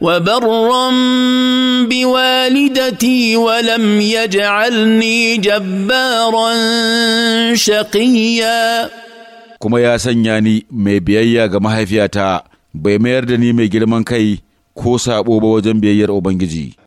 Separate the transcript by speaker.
Speaker 1: وبرا بوالدتي ولم يجعلني جبارا شقيا
Speaker 2: kuma ya sanya ni mai biyayya ga mahaifiyata bai mayar da ni mai girman kai
Speaker 3: ko saɓo ba wajen biyayyar Ubangiji.